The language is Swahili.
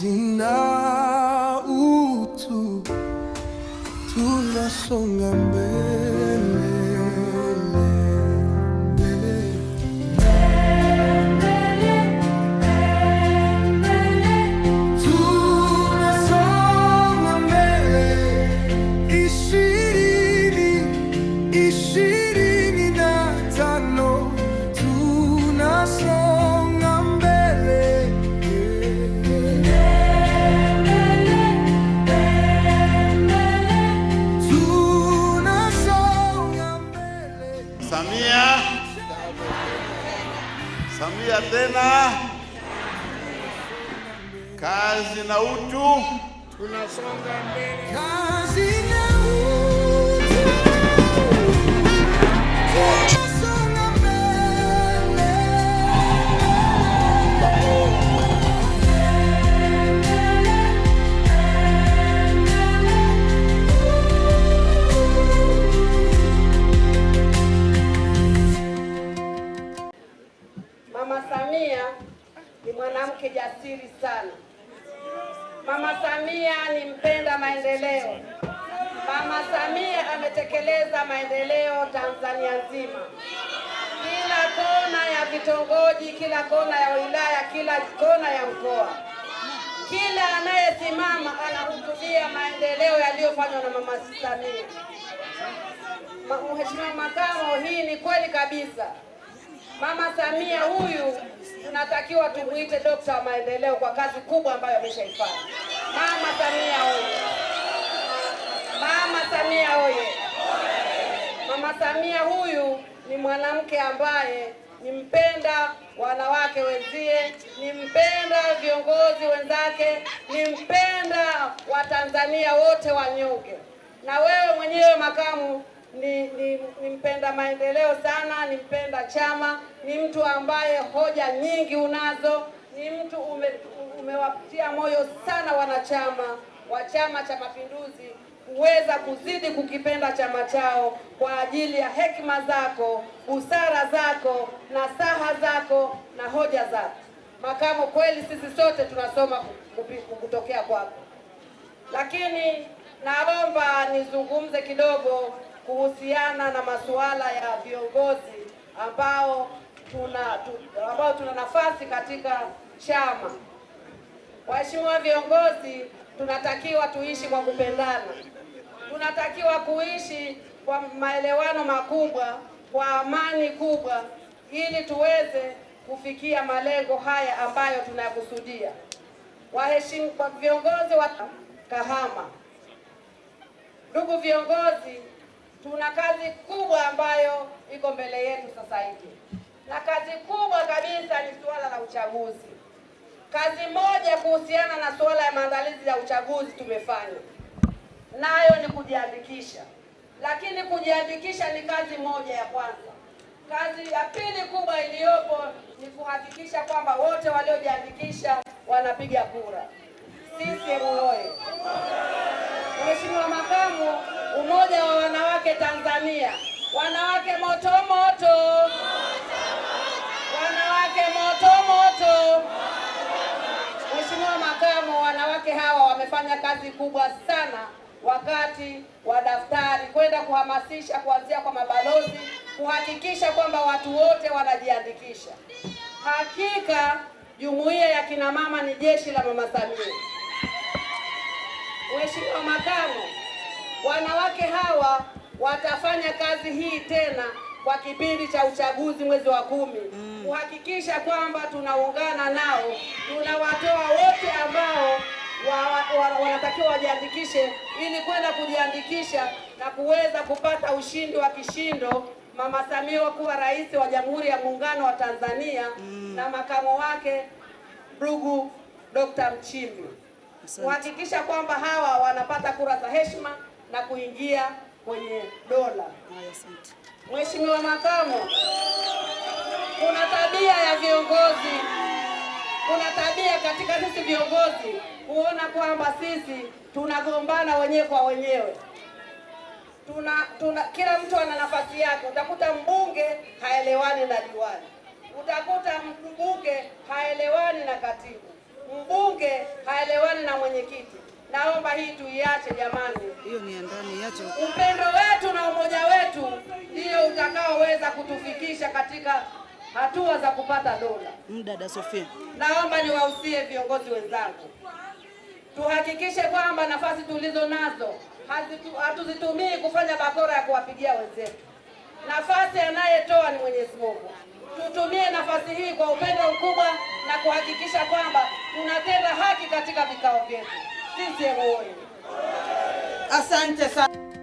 to utu tunasonga Samia, Samia tena, kazi na utu, tunasonga mbele. Mama Samia ni mwanamke jasiri sana. Mama Samia ni mpenda maendeleo. Mama Samia ametekeleza maendeleo Tanzania nzima, kila kona ya vitongoji, kila kona ya wilaya, kila kona ya mkoa. Kila anayesimama anahutubia maendeleo yaliyofanywa na Mama Samia. Mheshimiwa Makamo, hii ni kweli kabisa. Mama Samia huyu tunatakiwa tumuite dokta wa maendeleo kwa kazi kubwa ambayo ameshaifanya. Mama Samia huyu, Mama Samia huyu, Mama Samia huyu ni mwanamke ambaye ni mpenda wanawake wenzie, ni mpenda viongozi wenzake, ni mpenda Watanzania wote wanyonge. Na wewe mwenyewe makamu ni, ni, ni mpenda maendeleo sana, ni mpenda chama, ni mtu ambaye hoja nyingi unazo, ni mtu ume, umewapatia moyo sana wanachama wa Chama cha Mapinduzi kuweza kuzidi kukipenda chama chao kwa ajili ya hekima zako, busara zako, na saha zako na hoja zako. Makamo, kweli sisi sote tunasoma kutokea kwako, lakini naomba nizungumze kidogo kuhusiana na masuala ya viongozi ambao tuna tu, ambao tuna nafasi katika chama. Waheshimiwa viongozi, tunatakiwa tuishi kwa kupendana, tunatakiwa kuishi kwa maelewano makubwa, kwa amani kubwa, ili tuweze kufikia malengo haya ambayo tunayakusudia. Waheshimiwa viongozi wa Kahama, ndugu viongozi Tuna kazi kubwa ambayo iko mbele yetu sasa hivi, na kazi kubwa kabisa ni suala la uchaguzi. Kazi moja kuhusiana na suala ya maandalizi ya uchaguzi tumefanya, nayo ni kujiandikisha, lakini kujiandikisha ni kazi moja ya kwanza. Kazi ya pili kubwa iliyopo ni kuhakikisha kwamba wote waliojiandikisha wanapiga kura. Wanawake moto moto, wanawake moto moto. Mheshimiwa Makamu, wanawake hawa wamefanya kazi kubwa sana wakati wa daftari kwenda kuhamasisha kuanzia kwa mabalozi kuhakikisha kwamba watu wote wanajiandikisha. Hakika jumuiya ya kina mama ni jeshi la mama Samia. Mheshimiwa Makamu, wanawake hawa watafanya kazi hii tena kwa kipindi cha uchaguzi mwezi wa kumi mm. kuhakikisha kwamba tunaungana nao, tunawatoa wote ambao wanatakiwa wa, wa, wa, wajiandikishe ili kwenda kujiandikisha na kuweza kupata ushindi wa kishindo, Mama Samia kuwa rais wa Jamhuri ya Muungano wa Tanzania mm. na makamo wake ndugu Dr. Mchimbi kuhakikisha kwamba hawa wanapata kura za heshima na kuingia kwenye dola. Mheshimiwa Makamu, kuna tabia ya viongozi, kuna tabia katika sisi viongozi kuona kwamba sisi tunagombana wenyewe kwa wenyewe. Tuna, tuna kila mtu ana nafasi yake. Utakuta mbunge haelewani na diwani, utakuta mbunge haelewani na katibu, mbunge haelewani na mwenyekiti Naomba hii tuiache jamani, hiyo ni ndani iache. Upendo wetu na umoja wetu ndio utakaoweza kutufikisha katika hatua za kupata dola. Mdada mm, Sofia, naomba niwahusie viongozi wenzangu, tuhakikishe kwamba nafasi tulizo nazo hatuzitumii kufanya bakora ya kuwapigia wenzetu. Nafasi anayetoa ni Mwenyezi Mungu. Tutumie nafasi hii kwa upendo mkubwa na kuhakikisha kwamba tunatenda haki katika vikao vyetu sisi Voi. Asante sana.